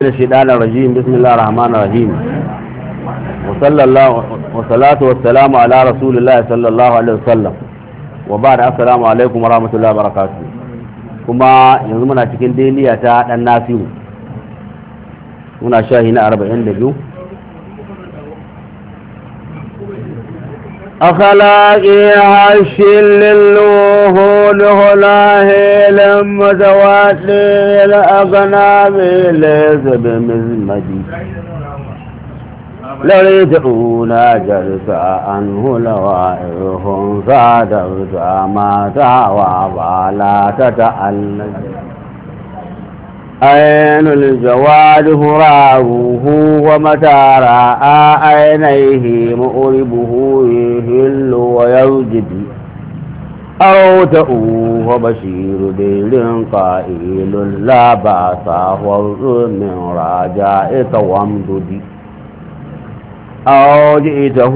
da shaitanin rajim bismillah rahman ar wa salamu ala rasulillah sallallahu alaihi wasallam wa ba'da assalamu alaikum wa rahmatullahi wa barakatuh kuma yanzu muna cikin daliya ta ɗan nasiru muna shahi na 42 akhala ya shillu أم متواتي الأقنام ليس بمزمدي لو يدعون جلسا عنه لوائرهم فادرت ما تعوى ولا تتألم أين الجواد هراوه ومتى رأى عينيه مؤربه يهل ويوجد أو تأوه بشير ديل قائل لا بأس حر من رجائك وامدد أو جئته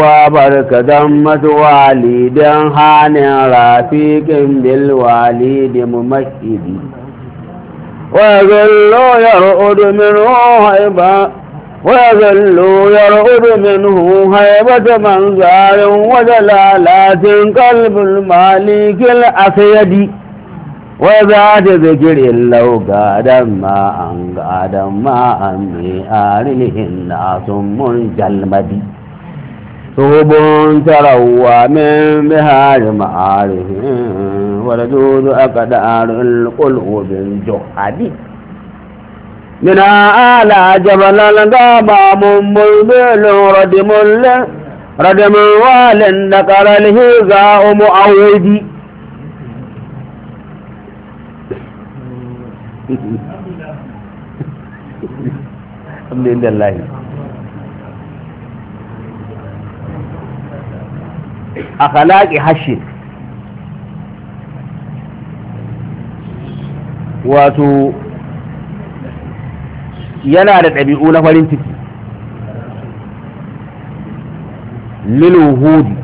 وبرك دمة والد حان رفيق بالوالد ممشد وذل يرؤد منه ويظل يرغب منه هيبة منظار وجلالات قلب المالك الأسيد وذات ذكر لو قادا ما أن قادا ما أن بآلهن ثم جلمدي صوب تروى من بهار معارف ولدود أقدار القلوب الجحدي من آلى جبل الغابة مبلبل ردم ردم وال نقر الهزاء معودي الحمد لله أخلاق حشر واتو yana da ɗabi'u na farin ciki liluhudi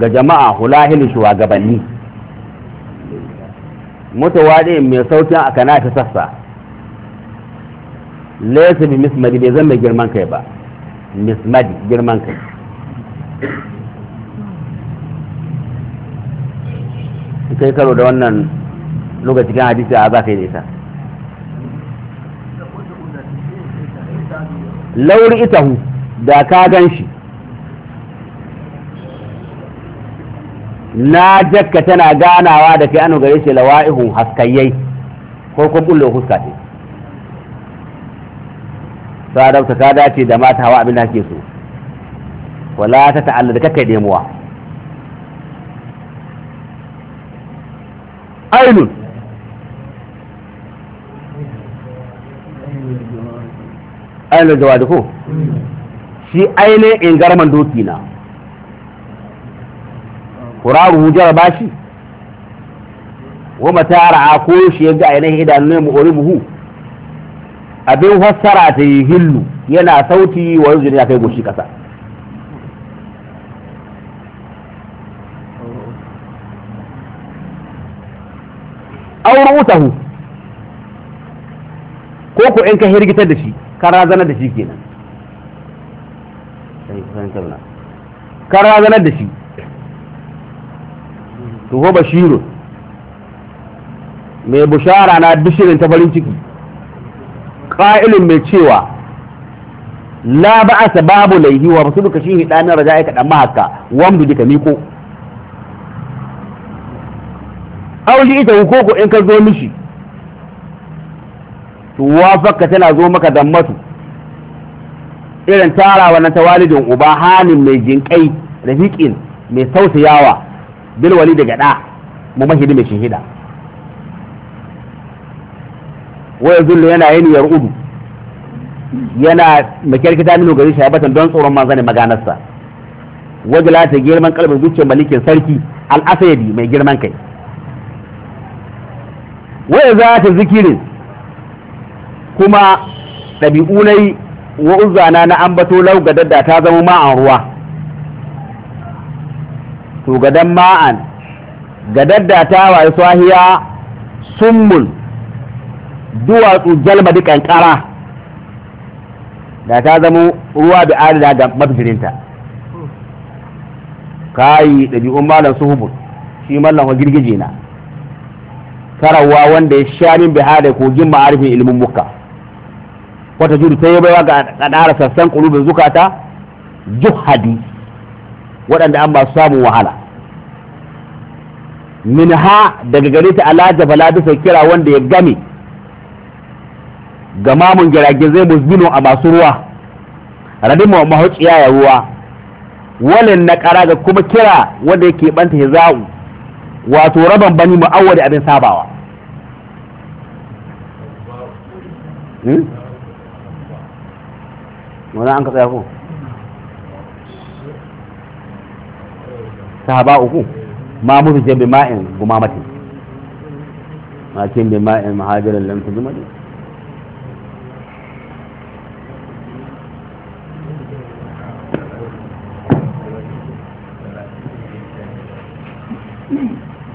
ga jama'a hulahil shugabanni mutawaɗe mai saukin a kana ta sassa laisa bi mismadi bai zama girman kai ba mismadi girman kai kai karo da wannan lokacin hadisi a za ka yi lauri itahu da ka gan shi na jakka tana ganawa da kai anu gare shi lawa'ihun haskayyai ko ko bullo huska ce sadauta ka dace da mata hawa abin da ke so wala ta ta'alla da kakai demuwa ainun ainihin da ko shi ainihin garman doki na kuraru hujjar ba shi wa ta ra'a ko shi yadda ainihin idanun mu ori muhu abin fassara ta yi hillu yana sauti wa yanzu ya kai goshi kasa auru utahu ko ko in ka hirgitar da shi ka razana da shi kenan ka razanar da shi to ho bashiru mai bushara na bishirin ta farin ciki ƙa'ilin mai cewa la ba'asa babu laihi wa fasu duka shi hidanin raja'i ka dan mahaka wamdu dika miko auli ita ko ko in ka zo mishi tuwafaka tana zo maka dammatu irin tarawa na walidin uba halin mai jinƙai rafiƙin mai sausayawa bilwali daga ɗa mu mahidi mai shahida waya zullu yana yin yar udu yana makyarkita minu gari shabatan don tsoron manzanin maganarsa wajala ta girman kalbin zuciyar malikin sarki al'asayadi mai girman kai waya za ta zikirin kuma ɗabi'u na wa uzana na ambato lau gadadda ta zama ma'an ruwa to gadan ma'an gadadda ta waye swahiya summun duwatsu jalma di kankara da ta zama ruwa da adada ga Ka kayi ɗabi'un malam suhubun shi mallan wa girgije na karawa wanda ya sha min bihada kogin ma'arifin ilimin muka wata juri sai ya baiwa ga ɗara sassan ƙulubin zukata juhadi waɗanda an masu samun wahala min ha daga gare ta alaja bala bisa kira wanda ya game ga mun girage zai musbino a masu ruwa radin mahauciya ya ruwa walin na ƙara ga kuma kira wanda yake banta zau wato raban bani mu'awwadi abin sabawa hmm? wani an ka tsaya ko sahaba uku ma mutu ke bi ma'in mati ma ke bi ma'in mahajirar lantar jimali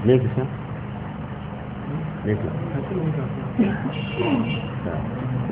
ne ki sha? ne ki